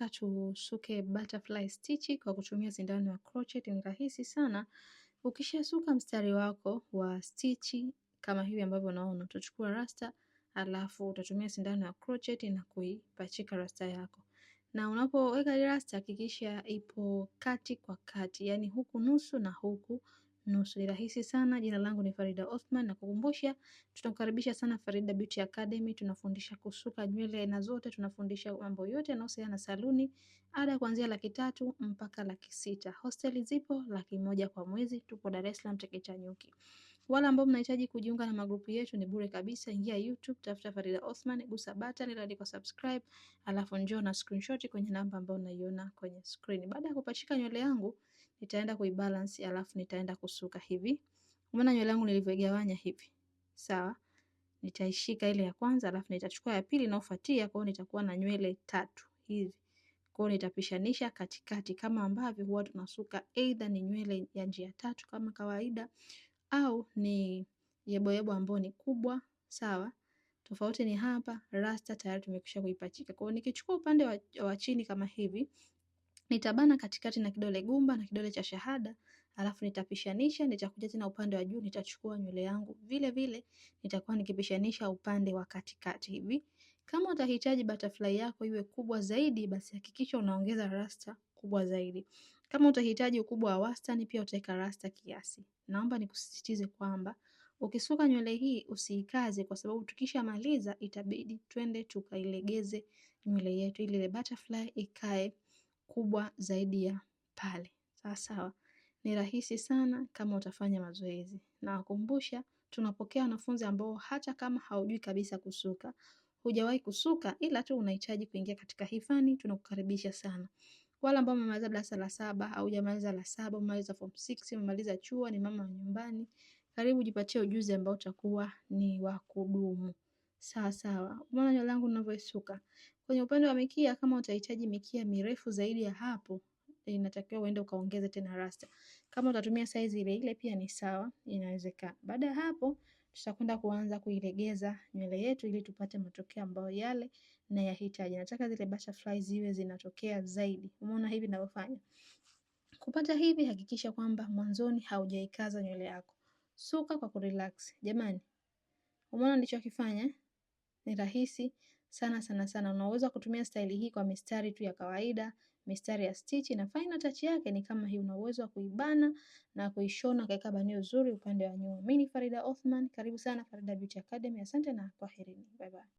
Tunataka tusuke butterfly stitch kwa kutumia sindano ya crochet, ni rahisi sana. Ukishasuka mstari wako wa stichi kama hivi ambavyo unaona, utachukua rasta alafu utatumia sindano ya crochet na kuipachika rasta yako. Na unapoweka rasta hakikisha ipo kati kwa kati, yaani huku nusu na huku nusu. Ni rahisi sana. Jina langu ni Farida Othman, na kukumbusha, tunakukaribisha sana Farida Beauty Academy. Tunafundisha kusuka nywele aina zote, tunafundisha mambo yote yanayohusiana na saluni, ada kuanzia laki tatu mpaka laki sita. Hosteli zipo laki moja kwa mwezi, tupo Dar es Salaam Nyuki. Wale ambao mnahitaji kujiunga na magrupu yetu ni bure kabisa. Ingia YouTube, tafuta Farida Othman, gusa button iliyoandikwa subscribe, alafu njoo na screenshot kwenye namba ambayo unaiona kwenye screen. Baada ya kupachika nywele yangu nitaenda kuibalance, alafu nitaenda kusuka hivi. Umeona nywele yangu nilivyogawanya hivi, sawa? Nitaishika ile ya kwanza, alafu nitachukua ya pili inayofuatia. Kwa hiyo nitakuwa na nywele tatu hivi, kwa hiyo nitapishanisha katikati, kama ambavyo huwa tunasuka either ni nywele ya njia tatu kama kawaida, au ni yeboyebo ambayo ni kubwa, sawa? Tofauti ni hapa, rasta tayari tumekwisha kuipachika. Kwa hiyo nikichukua upande wa, wa chini kama hivi, Nitabana katikati na kidole gumba na kidole cha shahada, alafu nitapishanisha. Nitakuja tena upande wa juu, nitachukua nywele yangu vile vile, nitakuwa nikipishanisha upande wa katikati hivi. Kama utahitaji butterfly yako iwe kubwa zaidi, basi hakikisha unaongeza rasta kubwa zaidi. Kama utahitaji ukubwa wa wastani, pia utaweka rasta kiasi. Naomba nikusisitize kwamba ukisuka nywele hii usiikaze, kwa sababu tukishamaliza itabidi twende tukailegeze nywele yetu ili ile butterfly ikae kubwa zaidi ya pale. Sawa sawa, ni rahisi sana kama utafanya mazoezi. Nawakumbusha, tunapokea wanafunzi ambao hata kama haujui kabisa kusuka, hujawahi kusuka, ila tu unahitaji kuingia katika hii fani, tunakukaribisha sana. Wale ambao umemaliza darasa la saba, haujamaliza la saba, umemaliza form 6, umemaliza chuo, ni mama wa nyumbani, karibu jipatie ujuzi ambao utakuwa ni wa kudumu sawa sawa. Umeona nywele yangu ninavyoisuka. Kwenye upande wa mikia, kama utahitaji mikia mirefu zaidi ya hapo, eh, inatakiwa uende ukaongeze tena rasta. Kama utatumia size ile ile pia ni sawa, inawezekana. Baada ya hapo, tutakwenda kuanza kuilegeza nywele yetu ili tupate matokeo ambayo yale na yahitaji. Nataka zile butterflies ziwe zinatokea zaidi. Umeona hivi ninavyofanya. Kupata hivi, hakikisha kwamba mwanzoni haujaikaza nywele yako. Suka kwa kurelax. Jamani, umeona ndicho kifanya? ni rahisi sana sana sana. Unaweza kutumia staili hii kwa mistari tu ya kawaida, mistari ya stitch na final touch yake ni kama hii. Una uwezo wa kuibana na kuishona kaika banio zuri upande wa nyuma. Mimi ni Farida Othman, karibu sana Farida Beauty Academy. Asante na kwaherini, bye bye.